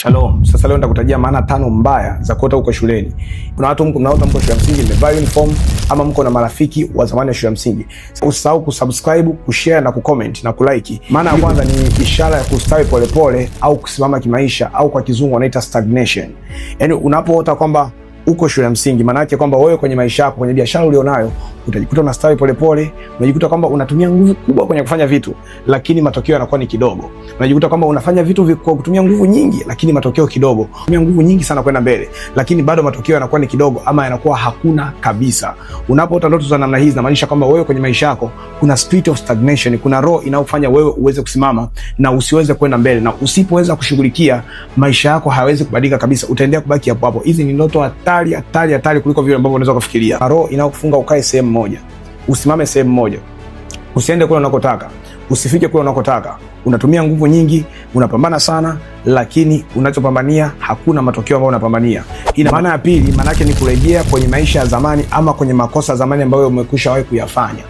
Shalom. Sasa leo nitakutajia maana tano mbaya za kuota huko shuleni. Kuna watu mnaota mko shule ya msingi mmevaa uniform ama mko na marafiki wa zamani wa shule ya msingi. Usisahau kusubscribe, kushare na kucomment na kulike. Maana ya kwanza ni ishara ya kustawi polepole au kusimama kimaisha au kwa kizungu wanaita stagnation. Yaani unapoota kwamba uko shule ya msingi, maana yake kwamba wewe kwenye maisha yako, kwenye biashara ulionayo, utajikuta unastawi polepole, unajikuta kwamba unatumia nguvu kubwa kwenye kufanya vitu, lakini matokeo yanakuwa ni kidogo. Unajikuta kwamba unafanya vitu kwa kutumia nguvu nyingi, lakini matokeo kidogo. Unatumia nguvu nyingi sana kwenda mbele, lakini bado matokeo yanakuwa ni kidogo, ama yanakuwa hakuna kabisa. Unapoota ndoto za namna hizi, inamaanisha kwamba wewe kwenye maisha yako kuna spirit of stagnation, kuna roho inayofanya wewe uweze kusimama na usiweze kwenda mbele, na usipoweza kushughulikia maisha yako hawezi kubadilika kabisa, utaendelea kubaki hapo hapo. Hizi ni ndoto hatari hatari hatari kuliko vile ambavyo unaweza kufikiria. Roho inayokufunga ukae sehemu moja, usimame sehemu moja, usiende kule unakotaka, usifike kule unakotaka. Unatumia nguvu nyingi, unapambana sana, lakini unachopambania hakuna matokeo ambayo unapambania. Ina maana ya pili, maana yake ni kurejea kwenye maisha ya zamani ama kwenye makosa ya zamani ambayo umekwisha wahi kuyafanya.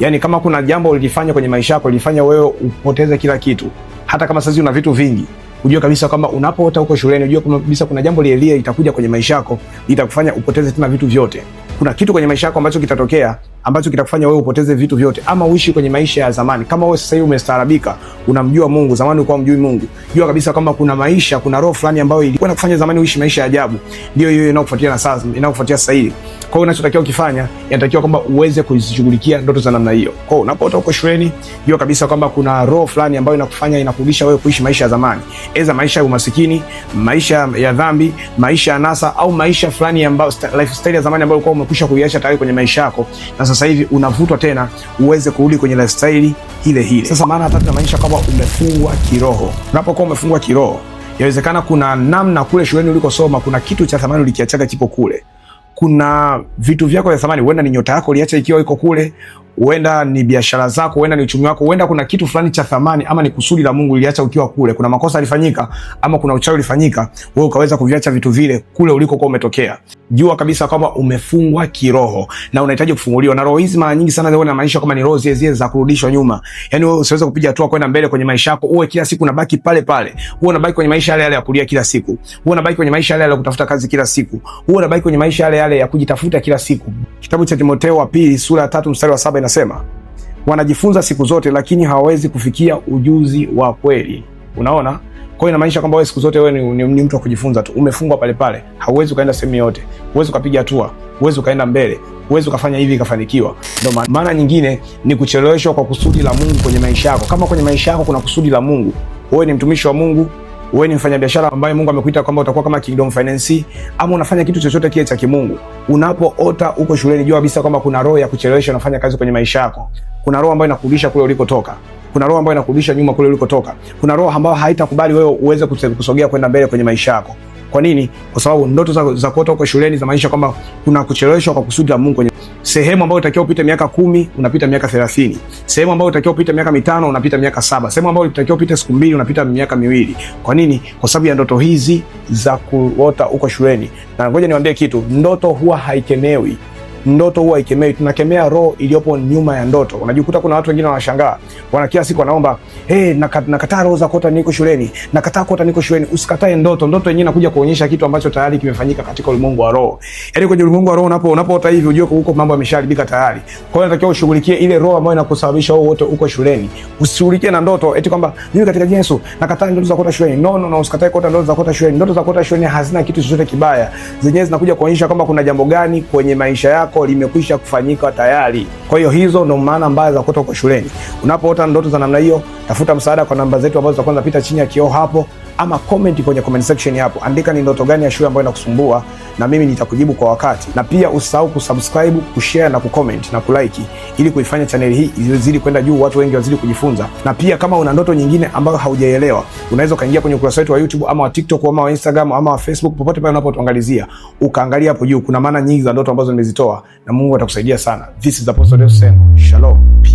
Yaani kama kuna jambo ulilifanya kwenye maisha yako lilifanya wewe upoteze kila kitu, hata kama sasa una vitu vingi Ujue kabisa kwamba unapoota huko shuleni, ujue kabisa kuna jambo lielie litakuja kwenye maisha yako litakufanya upoteze tena vitu vyote kuna kitu kwenye maisha yako ambacho kitatokea ambacho kitakufanya wewe upoteze vitu vyote ama uishi kwenye maisha ya zamani. Kama wewe sasa hivi umestaarabika, unamjua Mungu, zamani ulikuwa mjui Mungu, jua kabisa kwamba kuna maisha, kuna roho fulani ambayo ilikuwa inakufanya zamani uishi maisha ya ajabu, ndio hiyo inayokufuatia na sasa, inayokufuatia sasa hivi. Kwa hiyo unachotakiwa kufanya, inatakiwa kwamba uweze kuzishughulikia ndoto za namna hiyo. Kwa hiyo unapoota uko shuleni, jua kabisa kwamba kuna roho fulani ambayo inakufanya inakurudisha wewe kuishi maisha ya zamani, aidha maisha ya umasikini, maisha ya dhambi, maisha ya nasa, au maisha fulani ambayo lifestyle ya zamani ambayo ulikuwa umekwisha kuiacha tayari kwenye maisha yako, na sasa hivi unavutwa tena uweze kurudi kwenye lifestyle ile ile. Sasa maana tatu inamaanisha kwamba umefungwa kiroho. Unapokuwa umefungwa kiroho, yawezekana kuna namna kule shuleni ulikosoma, kuna kitu cha thamani ulikiachaga kipo kule kuna vitu vyako vya thamani, huenda ni nyota yako uliacha ikiwa iko kule, huenda ni biashara zako, huenda ni uchumi wako, huenda kuna kitu fulani cha thamani, ama ni kusudi la Mungu liliacha ukiwa kule, kuna makosa alifanyika, ama kuna uchawi ulifanyika, wewe ukaweza kuviacha vitu vile kule ulikokuwa umetokea. Jua kabisa kwamba umefungwa kiroho na unahitaji kufunguliwa, na roho hizi mara nyingi sana zao inamaanisha kama ni roho zile zile za kurudishwa nyuma, yani wewe usiweze kupiga hatua kwenda mbele kwenye maisha yako, uwe kila siku unabaki pale pale, uwe unabaki kwenye maisha yale yale ya kulia kila siku, uwe unabaki kwenye maisha yale yale ya kutafuta kazi kila siku, uwe unabaki kwenye maisha yale yale ya kujitafuta kila siku. Kitabu cha Timotheo wa pili sura ya 3 mstari wa 7 anasema wanajifunza siku zote, lakini hawawezi kufikia ujuzi wa kweli. Unaona, kwa hiyo inamaanisha kwamba wewe siku zote wewe ni, ni, ni mtu wa kujifunza tu, umefungwa pale pale, hauwezi ukaenda sehemu yote, huwezi ukapiga hatua, huwezi ukaenda mbele, huwezi ukafanya hivi ikafanikiwa. Ndio maana nyingine ni kucheleweshwa kwa kusudi la Mungu kwenye maisha yako. Kama kwenye maisha yako kuna kusudi la Mungu, wewe ni mtumishi wa Mungu, wewe ni mfanyabiashara ambaye Mungu amekuita kwamba utakuwa kama Kingdom Finance, ama unafanya kitu chochote kile cha kimungu, unapoota uko shuleni, jua kabisa kwamba kuna roho ya kuchelewesha unafanya kazi kwenye maisha yako. Kuna roho ambayo inakurudisha kule ulikotoka kuna roho ambayo inakurudisha nyuma kule ulikotoka. Kuna roho ambayo haitakubali wewe uweze kusogea kwenda mbele kwenye maisha yako. Kwa nini? Kwa sababu ndoto za, za kuota huko shuleni za maanisha kwamba kuna kucheleweshwa kwa kusudi la Mungu kwenye sehemu ambayo utakiwa upite miaka kumi unapita miaka thelathini. Sehemu ambayo utakiwa upite miaka mitano unapita miaka saba. Sehemu ambayo utakiwa upite siku mbili unapita miaka miwili. Kwa nini? Kwa sababu ya ndoto hizi za kuota huko shuleni. Na ngoja niwaambie kitu, ndoto huwa haikemewi ndoto huwa ikemei, tunakemea roho iliyopo nyuma ya ndoto. Unajikuta kuna watu wengine wanashangaa, wana kila siku wanaomba hey, nakataa roho za kuota niko shuleni, nakataa kuota niko shuleni. Usikatae ndoto, ndoto yenyewe inakuja kuonyesha kitu ambacho tayari kimefanyika katika ulimwengu wa roho. Yaani kwenye ulimwengu wa roho unapo unapoota hivi, ujue huko mambo yameshaharibika tayari. Kwa hiyo unatakiwa ushughulikie ile roho ambayo inakusababisha wewe wote uko shuleni. Usishughulikie na ndoto eti kwamba mimi katika Yesu nakataa ndoto za kuota shuleni. No, no, no, usikatae kuota ndoto za kuota shuleni. Ndoto za kuota shuleni hazina kitu chochote kibaya, zenyewe zinakuja kuonyesha kwamba kuna jambo gani kwenye maisha yako lako limekwisha kufanyika tayari. Kwa hiyo hizo ndo maana mbaya za kutoka shuleni. Unapoota ndoto za namna hiyo, tafuta msaada kwa namba zetu ambazo za kwanza, pita chini ya kioo hapo ama comment kwenye comment section hapo, andika ni ndoto gani ya shule ambayo inakusumbua, na mimi nitakujibu kwa wakati, na pia usisahau kusubscribe, kushare na kucomment na kulike, ili kuifanya channel hii izidi kwenda juu, watu wengi wazidi kujifunza. Na pia kama una ndoto nyingine ambayo haujaelewa, unaweza ukaingia kwenye ukurasa wetu wa YouTube ama wa TikTok ama wa Instagram ama wa Facebook, popote pale unapotuangalizia, ukaangalia hapo juu, kuna maana nyingi za ndoto ambazo nimezitoa, na Mungu atakusaidia sana. This is Apostle Deusi Sengo. Shalom.